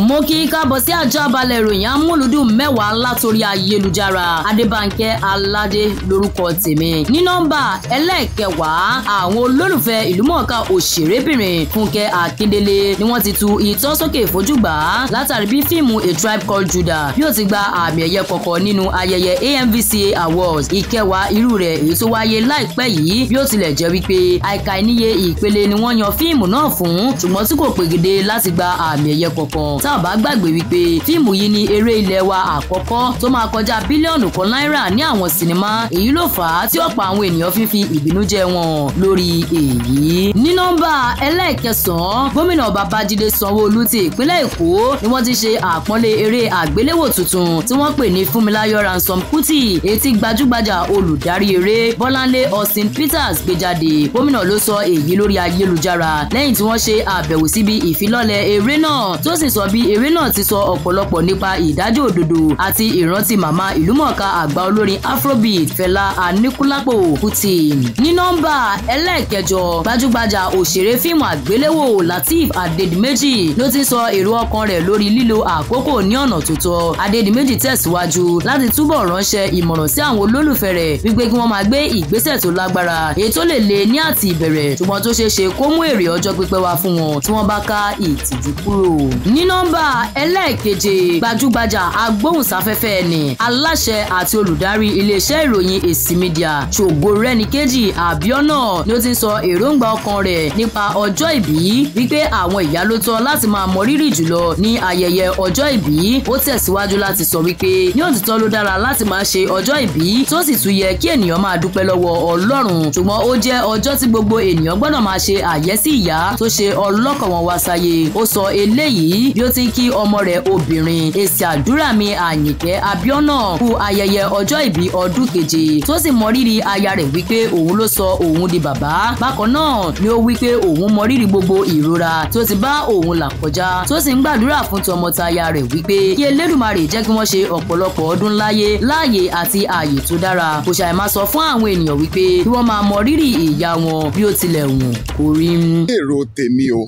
mo kí i káàbọ̀ sí àjábalẹ̀ ìròyìn amúlùdùn mẹ́wàá látòrí ayélujára adébánkẹ́ aládé lórúkọ tèmi ní nọ́mbà ẹlẹ́ẹ̀kẹwàá àwọn olólùfẹ́ ìlúmọ̀ọ́ká òṣèrébìnrin fúnkẹ́ akíndélé ni wọ́n ti tu ìtọ́sókè ìfojúgbà látàrí bí fíìmù a tribe called judah yóò ti gba àmì ẹ̀yẹ kọ̀kọ̀ nínú ayẹyẹ amvca awards ìkẹwàá irú rẹ̀ èyí tó wáyé láìpẹ́ yìí bí ó tilẹ̀ jẹ́ wípé àìkà ìníye ìpele ni wọ́n yan fíìmù náà fún ṣùgbọ́n tí kò pegedé láti gba àmì ẹ̀yẹ kọ̀ọ̀kan tá a bá gbàgbé wípé fíìmù yìí ni eré ilẹ̀ wa àkọ́kọ́ tó máa kọjá bílíọ̀nù kan náírà ní àwọn sinimá èyí ló fà á tí ọ̀pọ̀ àwọn ènìyàn fi fi ìbínú jẹ wọn lórí èyí. ní nọ́mbà ẹlẹ́ẹ̀kẹsàn-án gómìnà babájídé sanwó-olú ti ìpínlẹ̀ èkó ni wọ́n ti ṣe àpọ́nlé eré àgbéléwò tuntun tí wọ́n pè ní fúnmiláyọ̀ ransom kuti etí gbajúgbajà olùdarí eré bọ́láńlé austin peters gbé jáde gómìnà ló sọ èyí lórí ayélujára lẹ́yìn tí wọ́n ṣe àbẹ̀wò síbi ìfilọ́lẹ̀ eré náà tó sì sọ bí eré náà ti sọ ọ̀pọ̀lọpọ̀ nípa ìdájọ́ òdodo àti ìrántí màmá ìlúmọ̀ọ́ká àgbà olórin afrobeat fẹlá aníkúlápò kútì ní nọ́mbà ẹlẹ́ẹ̀kẹjọ gbajúgbajà òṣèré fíìmù àgbéléwò lateef adedimeji ló ti sọ èrò ọkàn rẹ̀ lórí lílo àkókò ní ọ̀nà tó tọ́ adedimeji tẹ̀síwájú láti túbọ̀ ránṣẹ́ ìmọ̀ràn sí àwọn olólùfẹ́ rẹ̀ wípé kí wọ́n máa gbé ìgbésẹ̀ tó lágbára èyí tó lè le ní àti ìbẹ̀rẹ̀ ṣùgbọ́n tó ṣeé ṣe kó mú èrè ọjọ́ pípẹ́ wá fún wọn tí wọ́n bá ká ìtìjú kúrò nínú nọ́mbà ẹlẹ́ẹ̀keje gbajúgbajà agbóhùnsáfẹ́fẹ́ ni aláṣẹ àti olùdarí iléeṣẹ́ ìròyìn èsì mídíà ṣògo rẹ́nìkejì àbíọ́nà ni ó ti ń sọ èròǹgbà ọkàn rẹ̀ nípa ọjọ́ ìbí wípé àwọn ìyá ló tọ́ láti máa mọ rírì jùlọ ní ayẹyẹ ọjọ́ ìbí ó tẹ̀síwájú láti sọ wípé ní òtítọ́ ló dára láti máa ṣe ọjọ́ ìbí tó sì tún yẹ kí ènìyàn máa dúpẹ́ lọ́wọ́ ọlọ́run ṣùgbọ́n ó jẹ́ ọjọ́ tí gbogbo ènìyàn gbọ́dọ̀ máa ṣe àyẹ́sí ìyá tó ṣe ọlọ́kàn wọn wá sáyé ó sọ eléyìí bí ló ti ń kí ọmọ rẹ̀ obìnrin èsì àdúrà mi àyìnkẹ́ abiona kú ayẹyẹ ọjọ́ ìbí ọdún keje tó sì mọrírì aya rẹ̀ wípé òun ló sọ òun di bàbá bákan náà ni ó wípé òun mọrírì gbogbo ìrora tó ti bá òun là kọjá tó sì ń gbàdúrà fún tọmọtaya rẹ̀ wípé kí elédùmarè jẹ́ kí wọ́n ṣe ọ̀pọ̀lọpọ̀ ọdún láyé láàyè àti ààyè tó dára kò ṣàì máa sọ fún àwọn ènìyàn wípé kí wọ́n máa mọrírì ìyá wọn bí ó tilẹ̀ wù kó rí. èrò tèmi o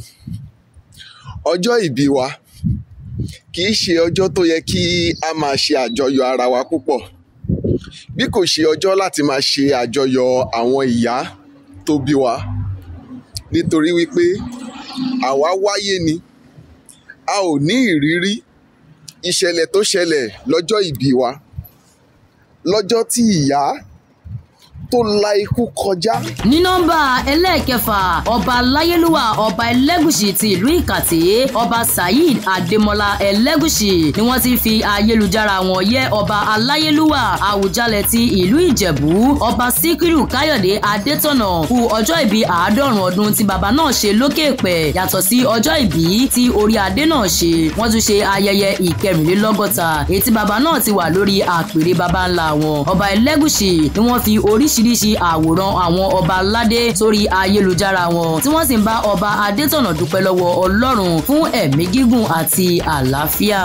ọjọ́ ìbí wa kì í ṣe ọjọ́ tó yẹ kí a máa ṣe àjọyọ̀ ara wa púpọ̀ bí kò ṣe ọjọ́ láti máa ṣe àjọyọ̀ àwọn ìyá tó bí wa nítorí wípé àwa wáyé ni a ò ní ìrírí ìṣẹ̀lẹ̀ tó ṣẹlẹ̀ lọ́jọ́ ìbí wa lọ́jọ́ tí ìyá tó la ikú kọjá. ní nọ́mbà ẹlẹ́ẹ̀kẹfà ọba láyélúwà ọba ẹlẹ́gùṣì ti ìlú ìkàtí ọba saheed adémọlá ẹlẹ́gùṣì ni wọ́n ti fi ayélujára wọn yẹ ọba aláyélúwà àwùjalẹ̀ ti ìlú ìjẹ̀bú ọba síkírù káyọ̀dé adétọ̀nà kú ọjọ́ ìbí àádọ́rùn ọdún tí bàbá náà ṣe lókè pẹ̀ yàtọ̀ sí ọjọ́ ìbí tí orí adé náà ṣe wọ́n tún ṣe ayẹyẹ ìkẹrìnlélọ́gọ́ta èyí tí oríṣiríṣi àwòrán àwọn ọba aládé sórí ayélujára wọn tí wọ́n sì ń bá ọba adétọ̀nà dúpẹ́ lọ́wọ́ ọlọ́run fún ẹ̀mí gígùn àti àlàáfíà.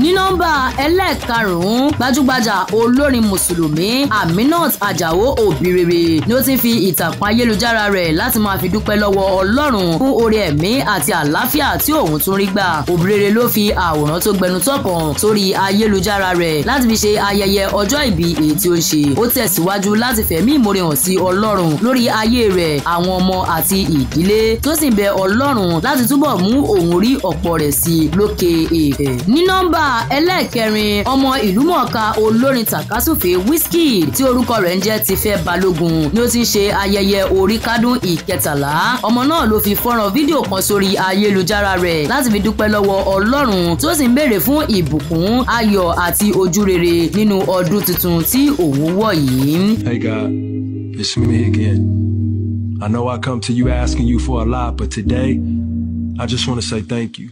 ní nọ́mbà ẹlẹ́ẹ̀karùn-ún gbajúgbajà olórin mùsùlùmí aminat ajao òbírere ni ó ti fi ìtàkùn ayélujára rẹ̀ láti máa fi dúpẹ́ lọ́wọ́ ọlọ́run fún oore ẹ̀mí àti àlàáfíà tí òun tún rí gbà òbírere ló fi àwòrán tó gbẹnu tọkàn sórí ayélujára rẹ̀ láti fi ṣe ayẹyẹ ọjọ́ ìbí èyí tí ó ń ṣe ó tẹ̀síwájú láti fẹ̀mí ẹ̀mí ìmoore hàn sí ọlọ́run lórí ayé rẹ̀ àwọn ọmọ àti ìdílé tó sì bẹ ọlọ́run láti túbọ̀ mú òun rí ọ̀pọ̀ rẹ̀ sí lókè èèfẹ̀. ní nọ́mbà ẹlẹ́ẹ̀kẹrin ọmọ ìlúmọ̀ọ́ká olórin tàkásùfé Wizkid tí orúkọ rẹ̀ ń jẹ́ Tífẹ́ Balógun ni ó ti ń ṣe ayẹyẹ orí kádùn ìkẹtàlá ọmọ náà ló fi fọ́nrán fídíò kan sórí ayélujára rẹ̀ láti fi dúpẹ́ lọ́wọ́ ọlọ́run tó sì ń béèrè fún ìbùkún ayọ̀ àti ojúrere nínú ọdún tuntun tí òun wọ̀ yìí. I got It's me again. I know I come to you asking you for a lot, but today I just want to say thank you.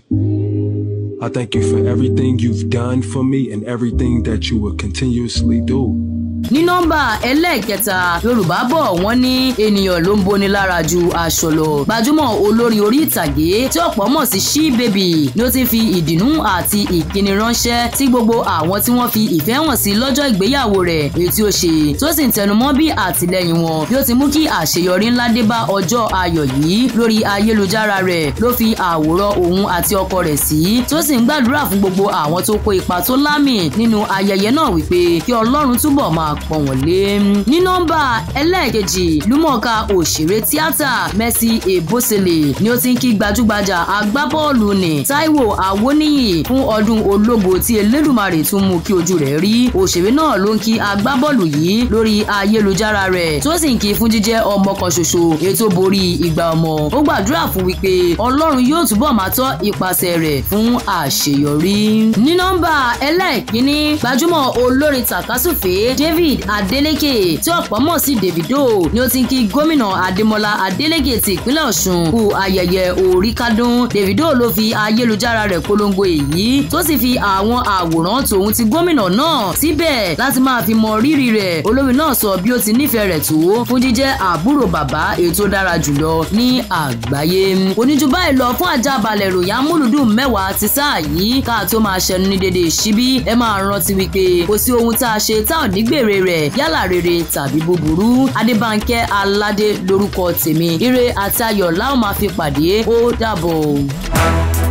I thank you for everything you've done for me and everything that you will continuously do. ní nọ́mbà ẹlẹ́ẹ̀kẹta yorùbá bọ̀ wọ́n ní ènìyàn ló ń boni lára ju aṣọ lọ gbajúmọ̀ olórí orí ìtàgé tí ọ̀pọ̀ mọ̀ sí She Baby ni ó ti fi ìdùnnú àti ìkíni ránṣẹ́ sí gbogbo àwọn tí wọ́n fi ìfẹ́ hàn sí lọ́jọ́ ìgbéyàwó rẹ̀ èyí tí ó ṣe tó sì ń tẹnumọ́ bí àtìlẹ́yìn wọn bí ó ti mú kí àṣeyọrí ńlá dé bá ọjọ́ ayọ̀ yìí lórí ayélujára rẹ̀ ló fi àwòrán òun àti ọkọ gbàdúrà fún gbogbo àwọn tó kó ipa tó lámì nínú ayẹyẹ náà wípé kí ọlọ́run túbọ̀ máa àpọ̀wọ̀nlé ní nọ́mbà ẹlẹ́ẹ̀kejì lúmọ̀ọ́ká òṣèré tíátà Mercy Ebosele ni ó ti ń kí gbajúgbajà agbábọ́ọ̀lù nì Táíwò Awóníyì fún ọdún ológo tí Elédùmarè tún mú kí ojú rẹ̀ rí òṣèré náà ló ń kí agbábọ́ọ̀lù yìí lórí ayélujára rẹ̀ tó sì ń kí fún jíjẹ́ ọmọ kan ṣoṣo ètò borí ìgbà ọmọ ó gbàdúrà fún wípé Ọlọ́run yóò túbọ̀ máa tọ́ ipasẹ̀ rẹ̀ fún àṣeyọrí ní nọ́mbà ẹlẹ́ẹ̀kínní gbajúmọ̀ olórin tàkásùfé David David Adeleke tí ọ̀pọ̀ mọ̀ sí Davido ni ó ti ń kí gómìnà Adémọ́lá Adeleke ti ìpínlẹ̀ Ọ̀ṣun kú ayẹyẹ oríkádún Davido ló fi ayélujára rẹ̀ polongo èyí tó sì fi àwọn àwòrán tòun ti gómìnà náà síbẹ̀ láti máa fi mọ rírì rẹ̀ olórin náà sọ bí ó ti nífẹ̀ẹ́ rẹ̀ tó fún jíjẹ́ àbúrò bàbá ètò dára jùlọ ní àgbáyé oníjú báyìí lọ fún àjàbalẹ̀ ìròyìn amúlùdùn mẹ́wàá ti sáà yìí ká tó máa ṣẹnu ní dédé síbí ẹ máa rántí wípé kò sí ohun tá a ṣe tá ò ní gbèrè rẹ̀ yálà rere tàbí búburú adébánkẹ́ aládé lórúkọ tèmi ire àtayọ̀ láwọn máa fi pàdé ó dàbọ̀.